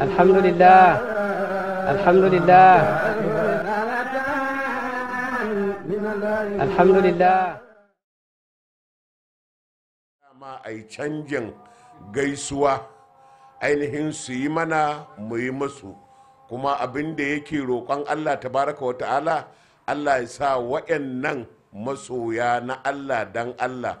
alhamdulillah alhamdulillah alhamdulillah ma ay canjin gaisuwa ainihin su mana mu yi masu kuma abin da yake roƙon allah tabaraka wa ta'ala allah ya sa wa'annan masoya na allah dan allah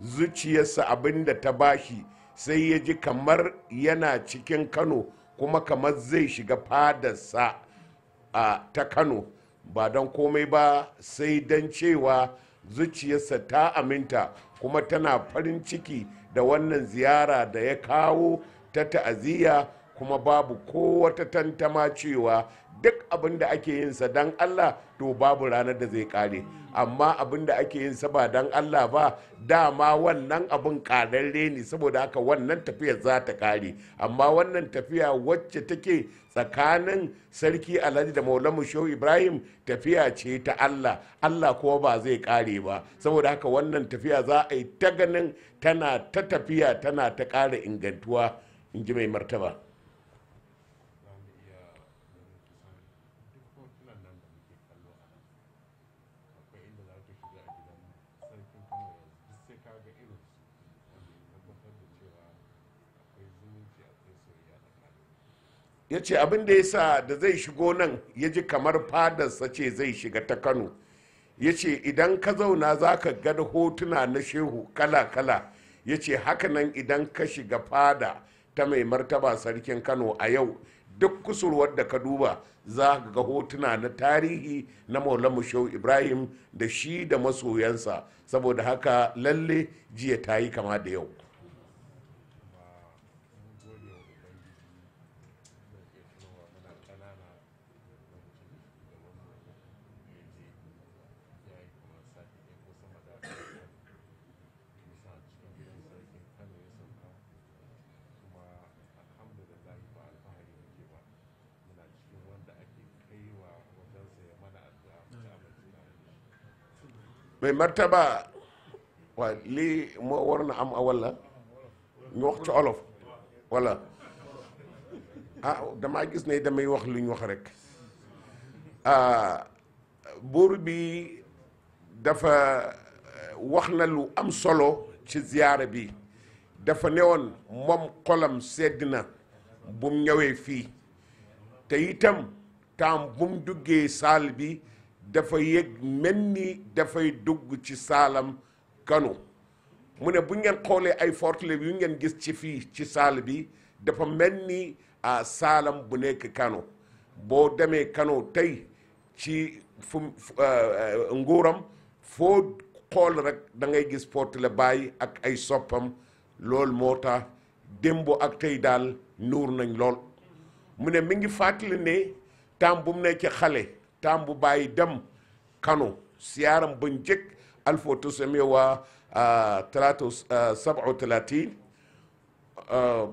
zuciyarsa abin da ta bashi sai ya ji kamar yana cikin kano kuma kamar zai shiga fadarsa a ta kano ba don komai ba sai don cewa zuciyarsa ta aminta kuma tana farin ciki da wannan ziyara da ya kawo ta ta'aziyya kuma babu ko wata tantama cewa duk abin da ake yin dan Allah to babu ranar da zai kare amma abin da ake yin ba dan Allah ba dama wannan abin kararre ne saboda haka wannan tafiyar za ta kare amma wannan tafiya wacce take tsakanin sarki alhaji da maulamu shehu ibrahim tafiya ce ta Allah Allah kuma ba zai kare ba saboda haka wannan tafiya za a ta ganin tana ta tafiya tana ta kare ingantuwa in mai martaba ya ce abin da ya sa da zai shigo nan ya ji kamar fadarsa ce zai shiga ta kano ya ce idan ka zauna za ka hotuna na shehu kala-kala ya ce hakanan idan ka shiga fada ta mai martaba sarkin kano a yau duk kusurwar da ka duba za ga hotuna na tarihi na maulamu shehu ibrahim da shi da masoyansa saboda haka lalle jiya ta yi kama da yau mais martaba waaw lii moo waroon a am walla ñu wax ci olof wala ah damaa gis ne damay wax lu ñu wax rek ah, buur bi dafa eh, wax na lu am solo ci ziyaara bi dafa newoon moom xolam sedd na bum ñëwee fii te itam tam bum duggee saal bi dafa yëg mel ni dafay dugg ci saalam kanu mu ne bu ngeen xoolee ay forteleb yu ngeen gis ci fii ci saal bi dafa mel ni a ah, saalam bu nekk kano boo demee kano tey ci fu ah, ah, nguuram foo xool rek dangay ngay gis portele bàyyi ak ay soppam loolu moo tax démb ak tey daal nuur nañ lool mu ne mi ngi fàttali ne tam bu mu nekk xale taam bu bàyyi dem Kano siyaran bin jik alfu tusamewa ah, talatu ah, sab'u talatin ah,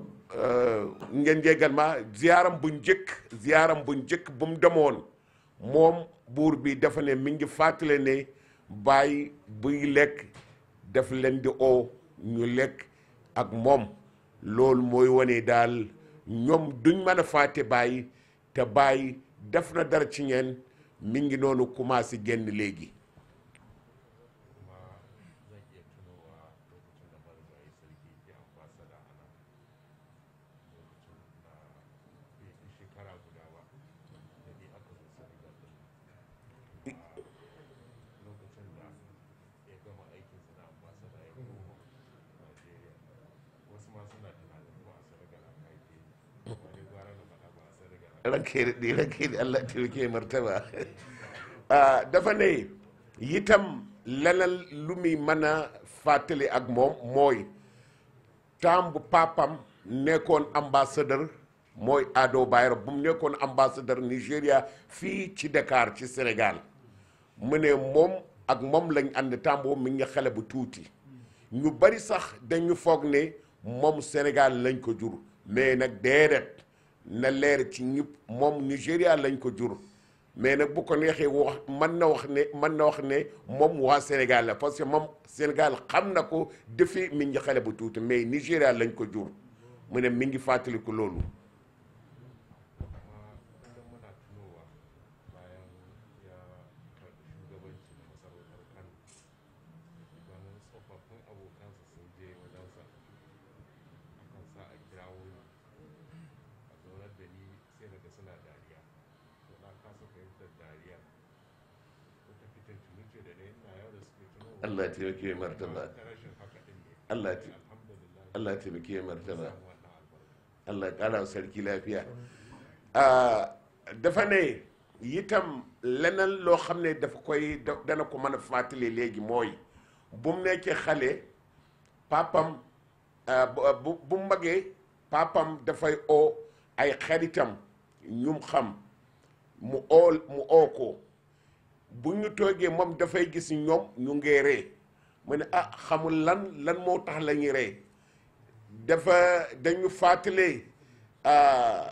ngeen jégal ma ziyaram bu njëkk ziyaram bu njëkk bu mu moom buur bi dafa ne mi ngi fàttale ne bàyyi bu lekk def leen di oo ñu lekk ak moom loolu mooy wane daal ñoom duñ mën a fàtte bàyyi te bàyyi def na dara ci ñeen mi ngi noonu commencé génn léegi ranke da Allah taimake martaba dafa ne yitam leneen lu muy mën a fàttali ak moom mooy temps bu papam nekkoon ambassadeur mooy Ado Bayero bu mu nekkoon ambassadeur Nigéria fii ci Dakar ci senegal mu ne moom ak moom lañ ànd temps boobu mi ngi xale bu tuuti ñu bari sax dañu foog ne moom Sénégal lañ ko jur mais nag déedéet na leer ci ñëpp moom Nigéria lañ ko jur mais nag bu ko neexee wax man na wax ne mën na wax ne moom waa Sénégal la parce que moom Sénégal xam na ko defi mi ngi xale bu tuuti mais Nigéria lañ ko jur mu ne mi ngi fàttaliku loolu. Allah ya taimake mai martaba Allah taimake martaba Allah kara sarki lafiya dafa ne itam leneen loo xam ne dafa koy dana ko mën a fàttali léegi mooy bu mu nekkee xale papam ah, ah, bu bu magee papam dafay oo ay xaritam ñum xam mu oo mu oo ko bu ñu toogee moom dafay gis ñoom ñu ngee ree mu ne ah xamul lan lan moo tax la ñuy ree dafa dañu fàttalee ah,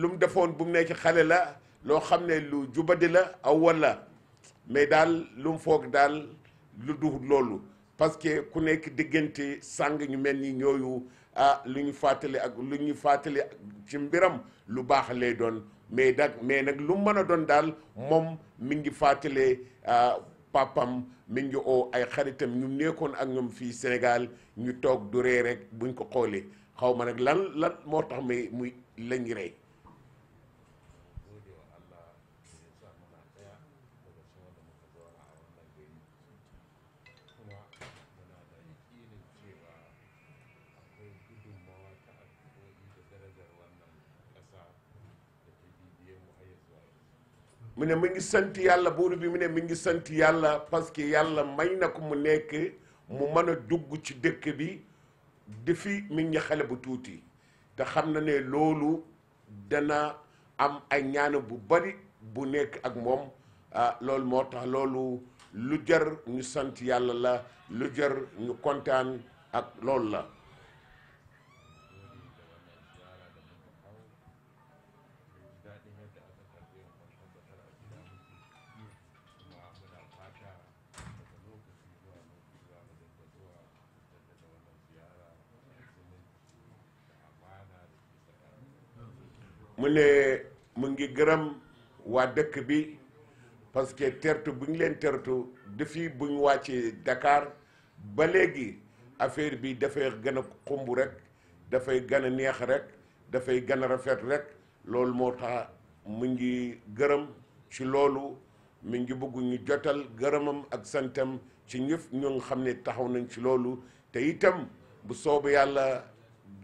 lu mu defoon bu mu nekk xale la loo xam ne lu jubadi la aw walla mais daal lu mu foog daal lu duhut loolu parce que ku nekk diggante sàng ñu mel ni ñooyu ah lu ñu fàttali ak lu ñu fàttali ci mbiram lu baax lay doon mais nag mais nag lu mën a doon daal moom mi ngi fàttalee euh, papam mi ngi oo ay xaritam ñu nekkoon ak ñoom fii Sénégal ñu toog du ree rek buñ ko xoolee xawma nag lan lan moo tax may muy lañ rey mu ne mi ngi sant yàlla buur bi mu ne mi ngi sant yàlla parce que yàlla may na ko mu nekk mu mën a dugg ci dëkk bi defi mi ngi xale bu tuuti te xam na ne loolu dana am ay ñaan bu bari bu nekk ak moom ah, loolu moo tax loolu lu jar ñu sant yàlla la lu jar ñu kontaan ak loolu la mu ne mu ngi gërëm waa dëkk bi parce que tertu bu ñu leen tertu depuis bu ñu wàccee dakaar ba léegi affaire bi dafay gën a xumb rek dafay gën a neex rek dafay gën a rafet rek loolu moo tax mu ngi gërëm ci loolu mu ngi bëgg ñu jotal gërëmam ak santam ci ñëf ñu nga xam ne taxaw nañ ci loolu te itam bu soobu yàlla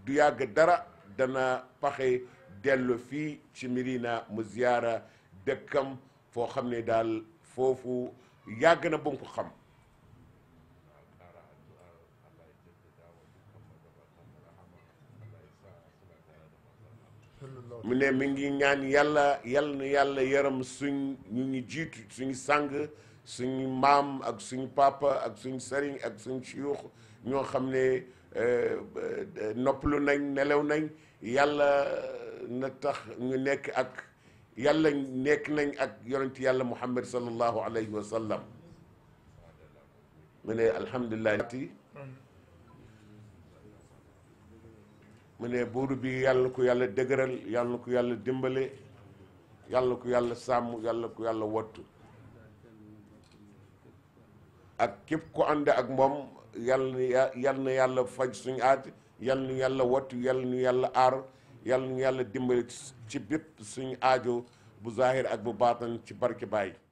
du yàgg dara dana paxe dellu fii ci Medina mu ziyaara dëkkam foo xam ne daal foofu yàgg na bu mu ko mu mi ngi ñaan yàlla yàlla na yàlla yaram suñ ñu ñu jiitu suñu sang suñu maam ak suñu papa ak suñu sëriñ ak suñu siyuux ñoo xam ne euh, euh, nopplu nañ nelaw nañ yàlla na tax ñu nekk ak yàlla nekk nañ ak yonent yàlla muhammad sallallahu alayhi wa sallam mu ne alhamdulilah ti mu ne buuru bi yàlla na ko yàlla dëgëral yàlla na dimbale yàlla na ko yàlla sàmm yàlla na ko yàlla wattu ak képp ku ànd ak moom yàlla na yàlla yàlla faj suñu aat yàlla na yàlla wattu yàlla na yàlla aar yàlla na yàlla dimbali ci bépp suñu aajo bu zahir ak bu baatan ci barke Baye.